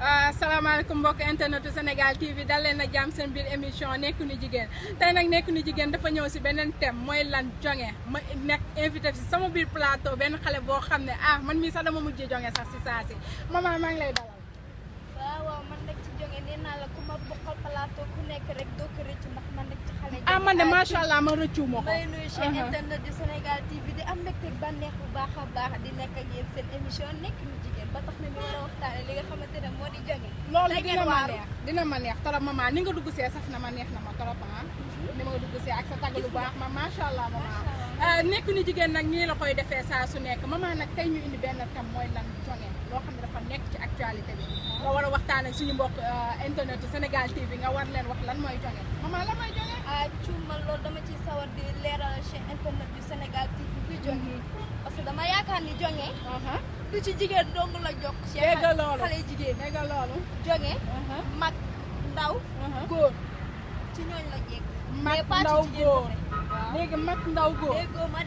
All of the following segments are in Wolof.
Euh, salaamaaleykum mbokk internetu Sénégal TV dal leen a jàmm seen biir émission nekku nu jigéen tey nag nekku nu jigéen dafa ñëw si beneen thème mooy lan jonge ma nekk invité si sama biir plateau benn xale boo xam ne ah man mii sax dama mujj jonge sax si saa si maman maa ngi lay dalal. waaw waaw man nag ci jonge nee la ku ma bokkal plateau ku nekk rek doo ko rëccu ndax man nag ci xale. ah man de macha allah ma rëccu ma ko. may nuyu chez uh-huh. internet am bu baax a di nekk ak yéen seen émission nekk ñu a loolu dina ma neex dina ma neex ni nga dugg see saf na ma neex na ma trop ah. ni ma dugg see ak sa tag lu baax ma macha allah maman euh, nekk ñu jigéen nag ñii la koy defee saa su nekk maman nag tey ñu indi benn tam mooy lan jóge loo xam ne dafa nekk actualité bi nga war a waxtaan ak suñu mbokk euh, internet Sénégal TV nga war leen wax lan mooy jonge maman lan mooy jonge ah cuumal loolu dama ciy sawar di leeral chaîne internet yu Sénégal TV bi jonge mhm. parce que dama yaakaar ni jonge uh-huh. lu ci jigéen dong la jokk ci xale jigéen dégg loolu jonge uh-huh. uh-huh. mag ndaw góor ci ñooñ la jekk mag ndaw góor léegi mag ndaw góor léegi ma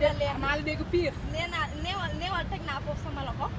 de maa la dégg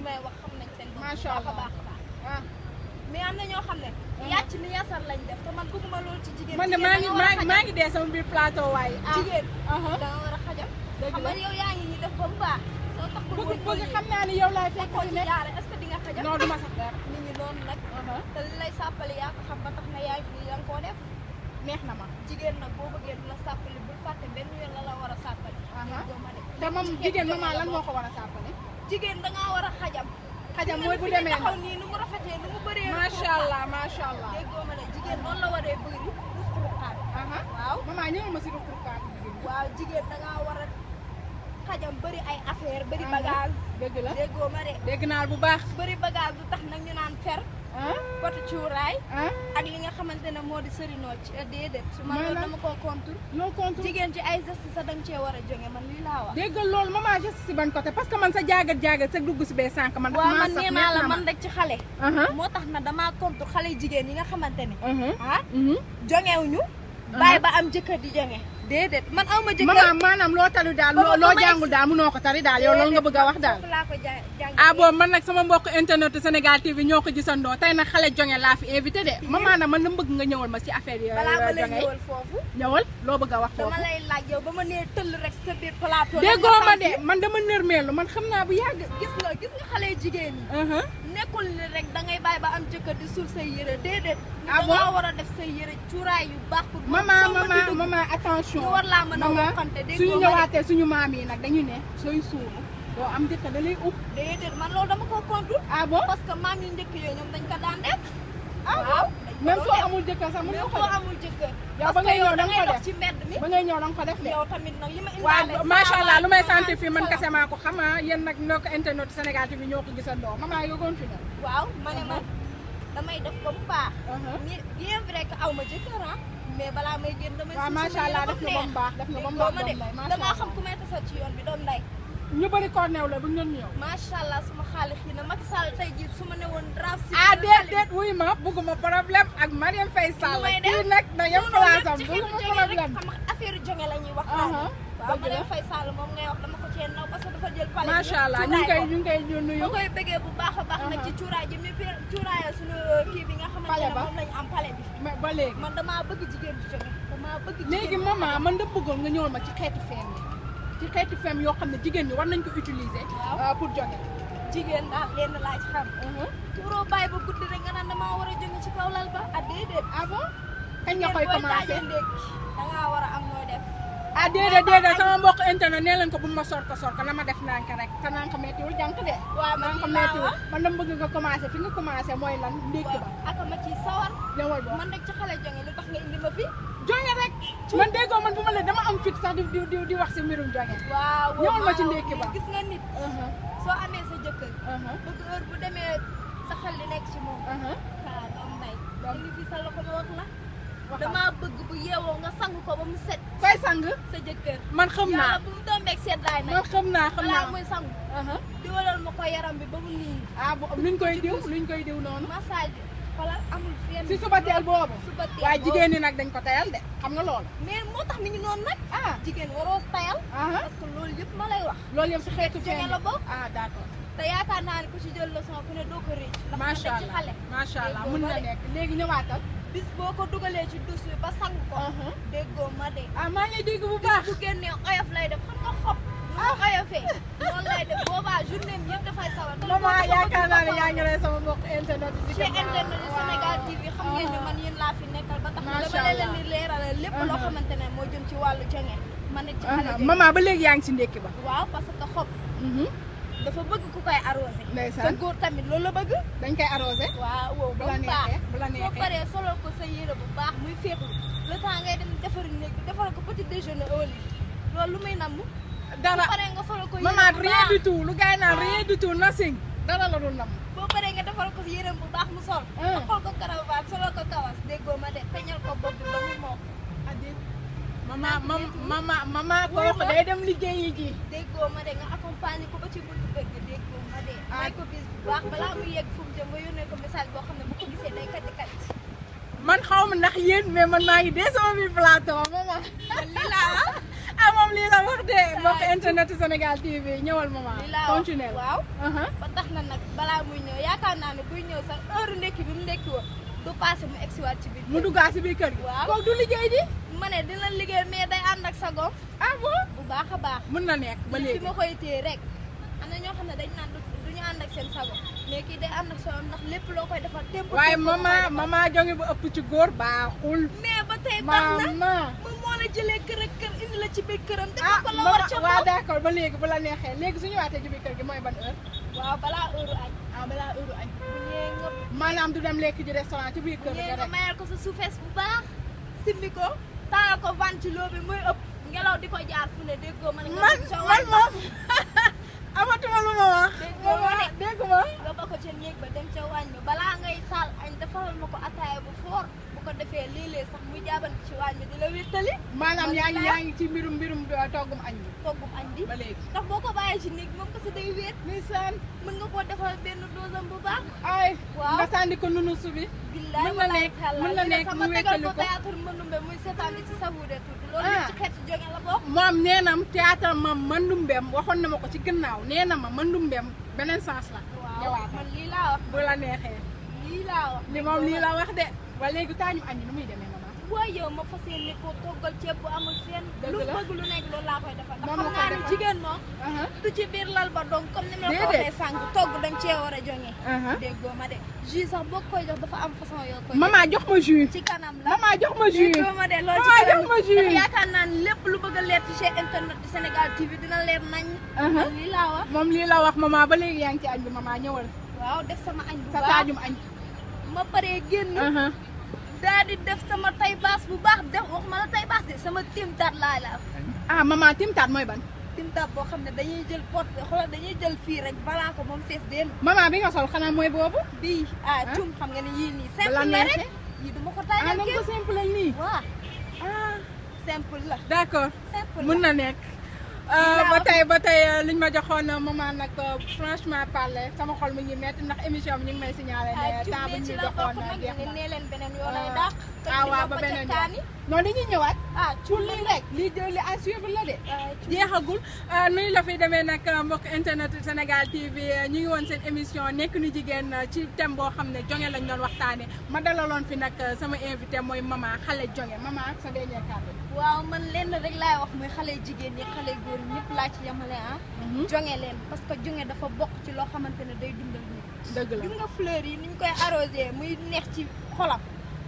li may ah. na ñoo xam la sàppali bul fàtte benn yoon la la war a sàppali ah, ah. te moom mama lan Mau ko war jigéen da ngaa war a xajam. xajam mooy bu demee taxaw nii nu mu rafetee nu mu bëree. macha allah macha allah déggoo ma ne jigéen noonu la waree waaw maman ñëwal ma si ruqruqaan jigéen. waaw jigéen da war a xajam bëri ay affaire bëri bagage. dëgg la déggoo ma de. dégg naa bu baax. bëri bagage du tax nag ñu naan fer. potu cuuraay ak li nga xamante ne moo di sërinoo ci eh, déedéet man loolu dama koo contour loo jigéen ci ay geste sa danga cee war a jóge man lii laa wax déggal loolu maman geste si ban côté parce que man sa jaagat jaagat sa dugg si bee sànq man waaw man naa la man rek ci xale moo tax na damaa contour xale jigéen yi nga xamante ne mhm. ah mhm. ñu bàyyi ba am jëkkër di jonge déedéet man aw ma jëkkër maanaam maanaam loo tali daal loo jàngul daal mënoo ko tari daal yow loolu nga bëgg a wax daal ah boobu man nag sama mbokk internet Sénégal TV ñoo ko gisandoo tey nag xale jonge laa fi invité de ma maanaam man la bëgg nga ñëwal ma ci affaire yi euh, jonge ñëwal loo bëgg a wax foofu dama lay laaj yow ba ma nee tëll rek sa biir plateau ma de man dama nërmeelu man xam naa bu yàgg gis nga gis nga xale jigéen yi nekkul ni rek da ngay ba am jëkkër di suul say yëre déedéet. ah bon war a def say yére cuuraay yu baax. pour maman maman maman attention a waxante suñu ñëwaatee suñu maam yi nag dañu ne sooy suulu doo am jëkkër da ub. déedéet man loolu dama ko kontul. ah bon maam yu njëkk yooyu ñoom dañ ko daan def. ah waaw. même soo amul jëkkër sax mën nga ko def amul jëkkër. yow ba ngay ñëw da nga ko def ba ngay ñëw da nga ko de. yow tamit allah lu may sant fii man kese maa ko xam ah yéen nag ñoo ko internet Sénégal TV ñoo ko gisandoo maman nga continué. waaw ma ne man uh-huh. damay def ko bu baax. Uh-huh. bien vrai que aw ma jëkkër ah. mais balaa may génn damay. ba mu na ba mu baax doom lay damaa xam ku may tasal ci yoon bi doom lay. suma xaalis yi na Macky Sall tey jii su ne ma bëgguma problème ak Marième Faye Sall. kii nag na yem place am bëgguma problème. affaire jonge la ñuy wax. waaw Marième ko ñu ngi koy ñu ngi bëggee bu baax a baax nag ci cuuraay ji mi cuuraayal suñu kii bi nga xamante ne moom lañu bëgg jigéen di jonge. damaa bëgg man da bëggoon nga ñëwal ma ci xeetu ci xeetu feem yoo xam ne jigéen ñi war nañ ko utiliser. Euh, pour jonge jigéen daal lenn laa xam. pour bay ba guddi rek nga naan damaa war a ci kaw lal ba ah déedéet. ah nga koy commencé da am def. sama mbokk internet nee leen ko bu ma sorko sorko na def naa ko rek te naa ko méttiwul jànk de. waaw man ko méttiwul man dama bëgg nga commencé fi nga commencé mooy lan ndékki ba. ak ma ci sawar. ba man ci lu tax nga indi ma fi. rek. man man dama am fit sax di di di wax si mbirum jonge. waaw waaw ma ci ndékki ba gis nga nit. sa bëgg heure bu saxal li nekk ci moom. waaw am nay. sa loxo ma wax la. bëgg bu yeewoo nga sang ko ba mu set. koy sang sa jëkkër. man xam naa bu mu tombeeg seddaay nag. man xam naa xam naa balaa bi ba mu nii. Ah, koy diw luñ koy diw noonu. massage xoolal amul suba teel boobu. waaye jigéen nag dañ ko tayal de xam nga loolu. mais moo tax mi ngi noonu nag. Ah. jigéen waroo tayal. ma lay wax. loolu yëpp si xeetu feeñ la ah d'accord. te yaakaar naa ne ku ci jël leçon ku ne doo ko rëcc. macha allah ci xale. macha allah mën na nekk léegi ñëwaatal. bis ko dugalee ci douche ba sang ko. Uh-huh. ma de. ah maa ngi dégg ah. yaa ngi lay ci internet ba tax uh-huh. uh-huh. ba léegi yaa ngi dafa bëgg ku koy arrosé. ndeysaan te góor tamit loolu la bëgg. dañ koy arrosé. waaw wow bu la neexee bu la neexee soo paree solal ko sa yére bu baax muy féexlu le temps ngay dem defari néeg bi defal ko petit déjeuner au lit loolu lu may namm. dara su paree nga solal ko yére bu baax maman rien du tout lu gars yi naan rien ah. du tout nothing dara la dul namm. boo paree nga defal ko yére bu baax mu sol. Ah. xool ko caravane solal ko kawas déggoo ma de peñal ko bopp bi ba mu mokk. Ah, mama mama mama kooku day dem liggéeyi ji. déggoo ma de nga accompagner ko ba ci buntu kër gi déggoo ma de. Ah. may ko bis bu baax balaa muy yegg fu mu jëm nga yónnee ko message boo xam ne bu ko gisee day kat kat. man xaw ma ndax yéen mais man maa ngi dee sama biir plateau mama. lii la ah moom lii la wax de mbokk internet Sénégal TV ñëwal mama. lii la continuer waaw. Uh-huh. ba tax na nag balaa muy ñëw yaakaar naa ne buy ñëw sax heure ndekki bi mu ndekki woon du passé mu egsiwaat ci biir. mu duggaat ci biir kër gi. waaw kooku du liggéey ji. mané ne lan liggéey mais day and ak sa gom. ah bo bu baakha baax. mën na nek ba léegi fi ma koy téré rek. amna ño xamné dañ nan duñu and ànd ak seen sago mais ki day and ak sa ndax lepp lo koy defal temp waaye mama mama jongi bu upp ci gor baaxul. mais ba tay baxna mo mo la jëlé kër ak kër indi la ci biir këram. Ah, la war ci wa d'accord ba léegi bu la nexé léegi suñu waté ci biir kër gi moy ban heure. waaw bala heure añ. ah bala heure añ. Ah. manam du dem lek ci restaurant ci bi kër gi rek. ko mayal ko sa suufees bu baax simbi ko. taal ko ventilo bi muy ëpp ngelaw di ko jaar fu ne déggoo man. man man moom amatuma wax. dégg ma ba ko ca néeg ba dem ca waañ ba balaa ngay taal añ defaral ma ko ataaya bu foor bu ko defee léeg sax muy jaaban ci waañ bi di la wéttali. maanaam yaa ngi yaa ngi ci mbirum mbirum toggum añ bi. toggum añ bi ba boo ko bàyyee ci néeg bi moom kasi day wéet. ndeysaan mën nga koo defal benn dosam bu baax. ay waaw nga sànni ko nunu subi. mën na nekk mën na nekk mu wékkali ko moom nee na théâtre ma Mandoumbem waxoon na ma ko boo gannaaw nee na ma Mandoumbem beneen sens la. waaw ma lii laa wax bu la neexee. lii laa wax li moom lii la wax de. wala léegi taa ñu aññi nu muy demee maman. waaye yow ma fas yéene ko toggal ceeb bu amul seen. lu bëgg lu nekk loolu laa koy defal. moom la koy defal jigéen moom. Uh-huh. du ci biir lal ba donc comme la ko waxee sànq togg dañ cee war a joŋee. déggoo ma de jus sax boo koy jox dafa am façon yoo koy. maman jox ma jus ci jox ma jus déggoo ma de loolu yaakaar naa lépp lu bëgg a leer ci internet du Sénégal TV dina leer nañ. Uh-huh. lii laa moom lii la wax maman ba léegi yaa ngi ci añ bi maman ñëwal. waaw def sama añ bu baax sa taajum añ. ma paree génn. Uh-huh. daal di def sama tay baas bu baax def wax ma la tay baas de sama tim taat laa la ah maman taat mooy ban. tintaab boo xam ne dañuy jël pot xoolal dañuy jël fii rek balaa ko moom fees dell. maman bi nga sol xanaa mooy boobu. bii ah cum xam nga ne yii nii. simple la rek yii du ko ah, simple nii. waaw ah. d' accord mun na nekk. Euh, ba tey ba euh, tey liñ ma joxoon euh, maman nag franchement parler sama xol mu ngi metti ndax émission bi ñu ngi may signalé ne ah, temps bu ñu joxoon jeex na ah waaw ba beneen yoon noonu dañuy ñëwaat ah, ah ci lii rek lii jël li à suivre la de ah, jeexagul ah, nuy la fiy demee nag mbokk internet Sénégal TV ñu ngi woon seen émission nekk nu jigéen ci thème boo xam ne jonge lañ doon waxtaane ma dalaloon fi nag sama invité mooy mama xale jonge mama ak sa dernier kàddu waaw man lenn rek laay wax muy xale jigéen ñi xale góor ñëpp laa ci yemale ah mhm. jonge leen parce que jonge dafa bokk ci loo xamante ne day dundal nit dëgg la gis fleur yi ni ñu muy neex ci xolam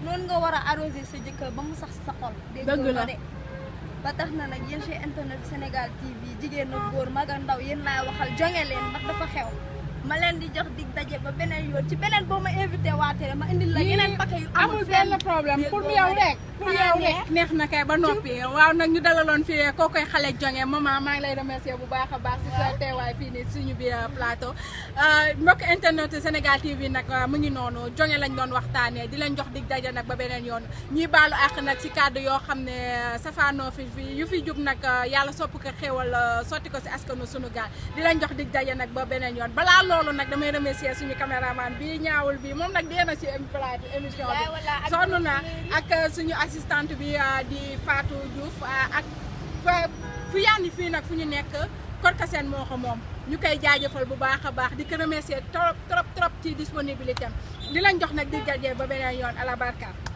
noonu nga war a arrosé sa jëkkër ba mu sax sa xol. dëgg la de ba tax na nag yéen chez internet Sénégal TV jigéen na góor mag a ndaw yéen laay waxal jonge leen ndax dafa xew. ma leen di jox dig daje ba beneen yoon ci beneen boo ma invité waatee ma indil la yeneen paquet yu amul benn problème pour yow rek pour neex na kay ba noppi waaw nag ñu dalaloon fii koo koy xale jonge maman maa ngi lay remercier bu baax a baax si sa teewaay fii nii suñu bi plateau euh, mbokk internet Sénégal TV nag euh, mu ngi noonu jonge lañ doon waxtaanee di leen jox dig daje nag ba beneen yoon ñuy baalu àq nag si kàddu yoo xam ne euh, safaanoo fi fi yu fi jub nag yàlla sopp ko xéewal sotti ko si askanu sunu gaal di leen jox dig daje nag ba beneen yoon balaa loolu nag damay remercier suñu caméraman bii ñaawul bi moom nag dee na ci plate émission bi sonn na ak euh, suñu assistant bi euh, di Fatou Diouf euh, ak fu yaani fii nag fu ñu nekk Korkasen moo ko moom ñu koy jaajëfal bu baax a baax di ko remercier trop trop trop ci disponibilité am di lañ jox nag di jajee ba beneen yoon à